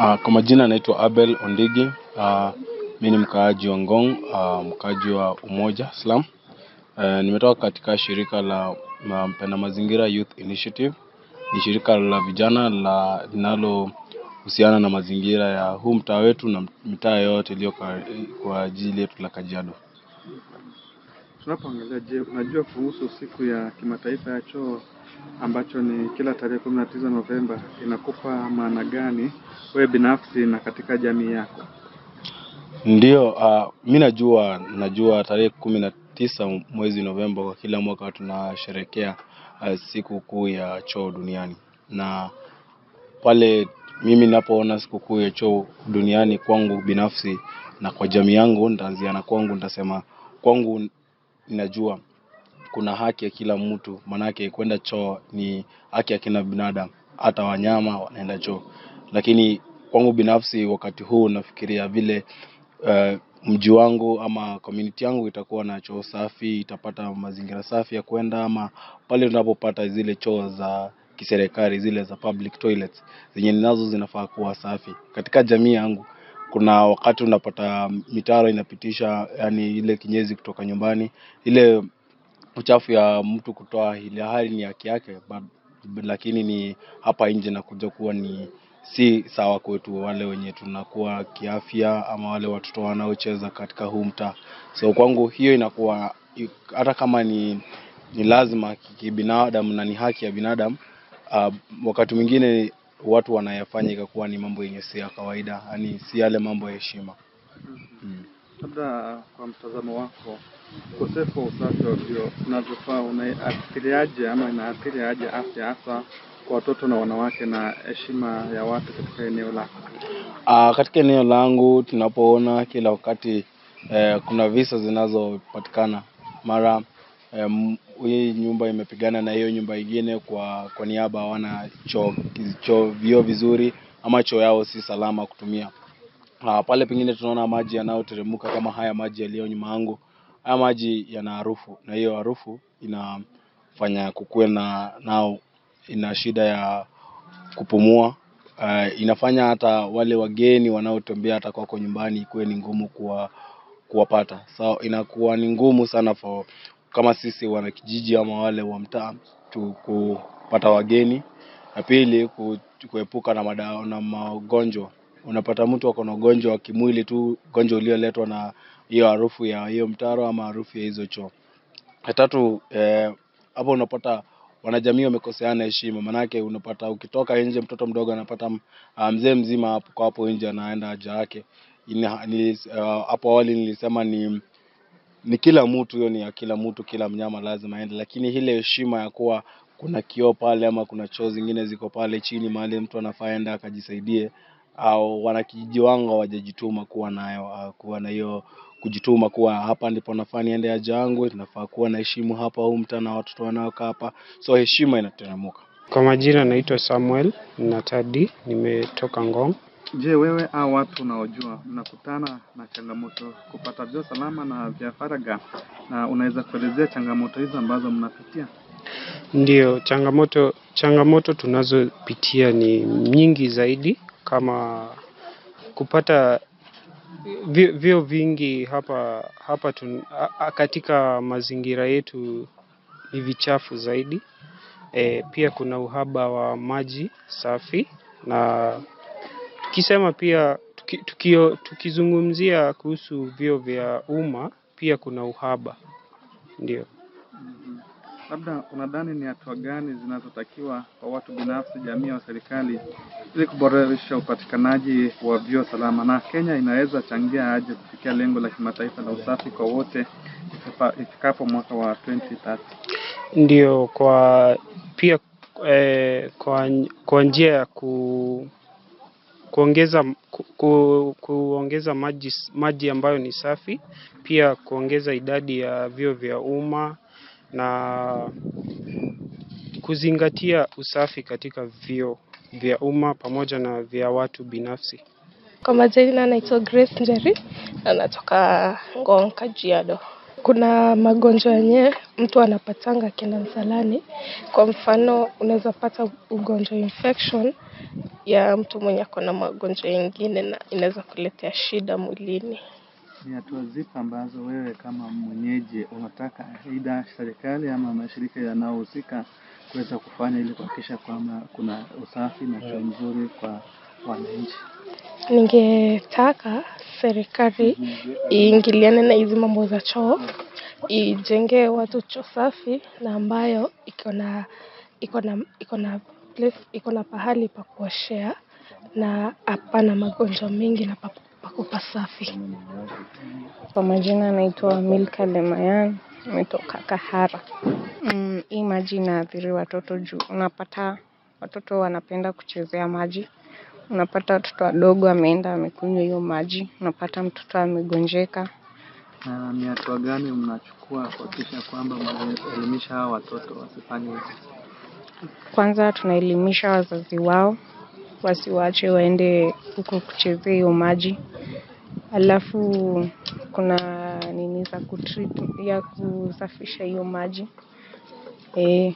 Uh, kwa majina anaitwa Abel Ondigi. Uh, ah, mi ni mkaaji wa Ngong, uh, mkaaji wa Umoja Slum. Uh, eh, nimetoka katika shirika la Mpenda Mazingira Youth Initiative. Ni shirika la vijana la linalohusiana na mazingira ya huu mtaa wetu na mitaa yote iliyo kwa, kwa ajili yetu la Kajiado. Tunapoangalia je, unajua kuhusu siku ya kimataifa ya choo ambacho ni kila tarehe kumi na tisa Novemba inakupa maana gani wewe binafsi na katika jamii yako? Ndio, uh, mi najua najua tarehe kumi na tisa mwezi Novemba kwa kila mwaka tunasherekea uh, siku kuu ya choo duniani, na pale mimi ninapoona siku kuu ya choo duniani kwangu binafsi na kwa jamii yangu, nitaanzia na kwangu, nitasema kwangu ninajua kuna haki ya kila mtu, manake kwenda choo ni haki ya kila binadamu, hata wanyama wanaenda choo. Lakini kwangu binafsi, wakati huu nafikiria vile uh, mji wangu ama community yangu itakuwa na choo safi, itapata mazingira safi ya kwenda, ama pale tunapopata zile choo za kiserikali, zile za public toilets zenye nazo zinafaa kuwa safi katika jamii yangu kuna wakati unapata mitaro inapitisha yani ile kinyezi kutoka nyumbani ile uchafu ya mtu kutoa ile hali ni haki yake lakini ni hapa nje nakuja kuwa ni si sawa kwetu wale wenye tunakuwa kiafya ama wale watoto wanaocheza katika huu mtaa. So kwangu hiyo inakuwa hata kama ni, ni lazima kibinadamu na ni haki ya binadamu uh, wakati mwingine watu wanayafanya ikakuwa ni mambo yenye si ya kawaida, yani si yale mambo ya heshima. Mm. Labda kwa mtazamo wako ukosefu wa usafi wa vyoo unavyofaa unaathiriaje ama inaathiri aje afya hasa kwa watoto na wanawake na heshima ya watu katika eneo lako? Aa, ah, katika eneo langu tunapoona kila wakati eh, kuna visa zinazopatikana mara hii nyumba imepigana na hiyo nyumba ingine kwa kwa niaba hawana choo cho, vio vizuri ama choo yao si salama kutumia. Uh, pale pengine tunaona maji yanayoteremka kama haya maji yaliyo nyuma yangu. Haya maji yana harufu na hiyo harufu inafanya kukue na nao ina shida ya kupumua. Uh, inafanya hata wale wageni wanaotembea hata kwako nyumbani ikuwe ni ngumu kuwa kuwapata. So inakuwa ni ngumu sana for kama sisi wana kijiji ama wale wa mtaa kupata wageni, na pili kuepuka na madawa na magonjwa. Unapata mtu ako na ugonjwa wa kimwili tu, ugonjwa ulioletwa na hiyo harufu ya hiyo mtaro ama harufu ya hizo choo. Ya tatu eh, hapo eh, unapata wanajamii wamekoseana heshima, manake unapata ukitoka nje, mtoto mdogo anapata ah, mzee mzima hapo kwa hapo nje anaenda haja yake. Ah, hapo awali nilisema ni ni kila mtu, hiyo ni ya kila mtu, kila mnyama lazima aende, lakini ile heshima ya kuwa kuna kioo pale ama kuna choo zingine ziko pale chini mahali mtu anafaa enda akajisaidie, au wanakijiji wangu hawajajituma kuwa nayo ah, kuwa na hiyo kujituma kuwa hapa ndipo nafaa niende haja yangu, tunafaa kuwa na heshima hapa, huu mtaa na watoto wanaokaa hapa, so heshima inateremuka. Kwa majina naitwa Samuel Natadi, nimetoka Ngong. Je, wewe au watu unaojua mnakutana na changamoto kupata vyoo salama na vya faragha, na unaweza kuelezea changamoto hizo ambazo mnapitia? ndio changamoto changamoto tunazopitia ni nyingi zaidi, kama kupata vyoo vingi hapa hapa tun, a, katika mazingira yetu ni vichafu zaidi. E, pia kuna uhaba wa maji safi na Tukisema pia tuki, tukizungumzia kuhusu vyo vya umma pia kuna uhaba ndio. Labda unadhani ni hatua gani zinazotakiwa kwa watu binafsi, jamii au serikali ili kuboresha upatikanaji wa vyoo salama, na Kenya inaweza changia aje kufikia lengo la kimataifa la usafi kwa wote ifikapo mwaka wa 2030? Ndio, kwa pia eh, kwa, kwa njia ya ku kuongeza, ku, ku, kuongeza maji, maji ambayo ni safi, pia kuongeza idadi ya vyoo vya umma na kuzingatia usafi katika vyoo vya umma pamoja na vya watu binafsi. Kwa majina naitwa Grace Njeri na natoka Ngong Kajiado. Kuna magonjwa yenye mtu anapatanga akienda msalani. Kwa mfano, unaweza pata ugonjwa infection ya mtu mwenye ako na magonjwa ingine na inaweza kuletea shida mwilini. Ni hatua zipi ambazo wewe kama mwenyeji unataka aidha serikali ama mashirika yanayohusika kuweza kufanya ili kuhakikisha kwamba kuna usafi na afya nzuri kwa wananchi? Ningetaka serikali iingiliane na hizi mambo za choo, ijengee watu choo safi na ambayo iko na iko na place iko na pahali pa kuoshea na hapana magonjwa mengi na pako pasafi. Kwa majina anaitwa Milka Lemayan, nimetoka Kahara. Mm, hii maji inaathiri watoto juu unapata watoto wanapenda kuchezea maji, unapata watoto wadogo ameenda amekunywa hiyo maji, unapata mtoto amegonjeka. Na ni hatua gani mnachukua kuhakikisha kwamba mnaelimisha hawa watoto wasifanye kwanza tunaelimisha wazazi wao wasiwaache waende huko kuchezea hiyo maji. Alafu kuna nini za kutrip ya kusafisha hiyo maji. Eh,